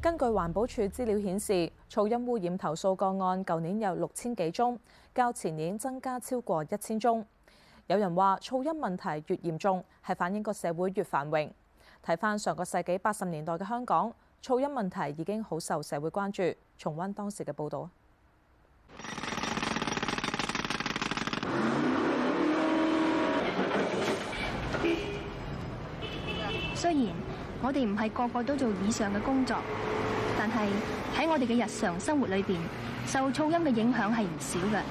根據環保署資料顯示，噪音污染投訴個案舊年有六千幾宗，較前年增加超過一千宗。有人話噪音問題越嚴重，係反映個社會越繁榮。睇翻上個世紀八十年代嘅香港，噪音問題已經好受社會關注。重溫當時嘅報導，雖然我哋唔係個個都做以上嘅工作，但係喺我哋嘅日常生活裏邊，受噪音嘅影響係唔少嘅。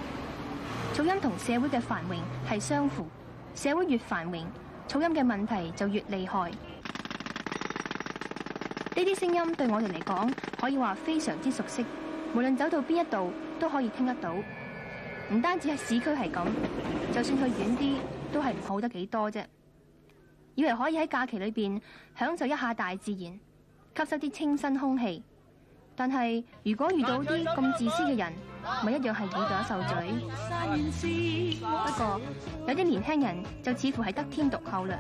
噪音同社會嘅繁榮係相符，社會越繁榮，噪音嘅問題就越厲害。呢啲聲音對我哋嚟講，可以話非常之熟悉，無論走到邊一度都可以聽得到。唔單止係市區係咁，就算去遠啲，都係唔好得幾多啫。以為可以喺假期裏邊享受一下大自然，吸收啲清新空氣。但係如果遇到啲咁自私嘅人，咪、啊、一樣係耳朵受罪。啊啊啊、不過有啲年輕人就似乎係得天獨厚啦。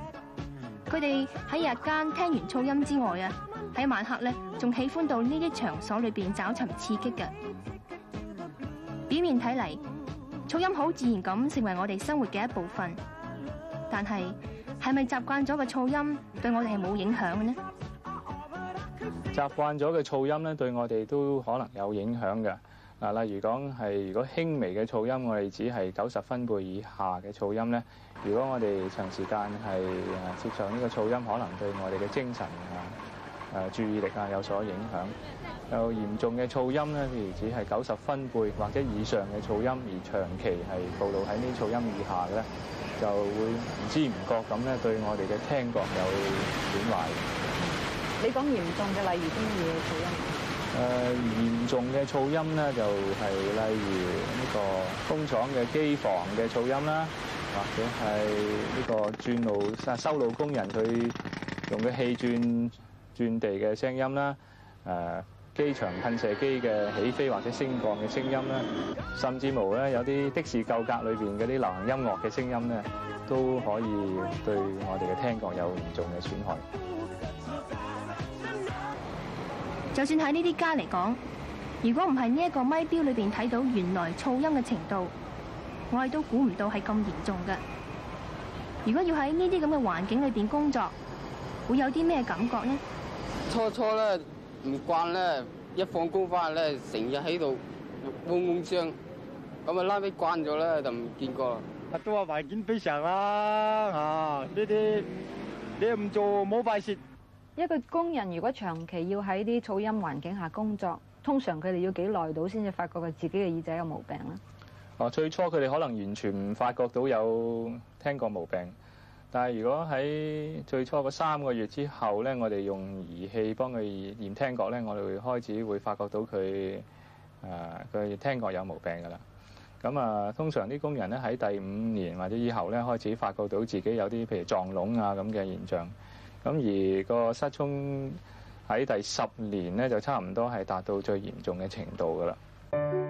佢哋喺日間聽完噪音之外啊，喺晚黑呢仲喜歡到呢啲場所裏邊找尋刺激嘅。表面睇嚟，噪音好自然咁成為我哋生活嘅一部分，但係。係咪習慣咗嘅噪音對我哋係冇影響嘅呢？習慣咗嘅噪音咧，對我哋都可能有影響嘅。嗱，例如講，係如果輕微嘅噪音，我哋只係九十分貝以下嘅噪音咧。如果我哋長時間係接受呢個噪音，可能對我哋嘅精神啊、誒注意力啊有所影響。有嚴重嘅噪音咧，譬如只係九十分貝或者以上嘅噪音，而長期係暴露喺呢啲噪音以下嘅咧，就會唔知唔覺咁咧，對我哋嘅聽覺有損壞。你講嚴重嘅，例如啲咩噪音？誒，嚴重嘅噪音咧，就係例如呢個工廠嘅機房嘅噪音啦，或者係呢個鑽路啊修路工人佢用嘅氣鑽鑽地嘅聲音啦，誒。機場噴射機嘅起飛或者升降嘅聲音咧，甚至無咧有啲的士舊格裏邊嗰啲流行音樂嘅聲音咧，都可以對我哋嘅聽覺有嚴重嘅損害。就算喺呢啲家嚟講，如果唔係呢一個咪表裏邊睇到原來噪音嘅程度，我哋都估唔到係咁嚴重㗎。如果要喺呢啲咁嘅環境裏邊工作，會有啲咩感覺呢？初初啦！唔慣咧，一放工翻嚟咧，成日喺度嗡嗡聲，咁啊拉啲慣咗咧，就唔見過啦。都話環境非常啦，啊呢啲你又唔做冇快事。一個工人如果長期要喺啲噪音環境下工作，通常佢哋要幾耐到先至發覺佢自己嘅耳仔有毛病咧？哦，最初佢哋可能完全唔發覺到有聽覺毛病。但係，如果喺最初嗰三個月之後咧，我哋用儀器幫佢驗聽覺咧，我哋會開始會發覺到佢誒佢聽覺有毛病㗎啦。咁啊，通常啲工人咧，喺第五年或者以後咧，開始發覺到自己有啲譬如撞聾啊咁嘅現象。咁而個失聰喺第十年咧，就差唔多係達到最嚴重嘅程度㗎啦。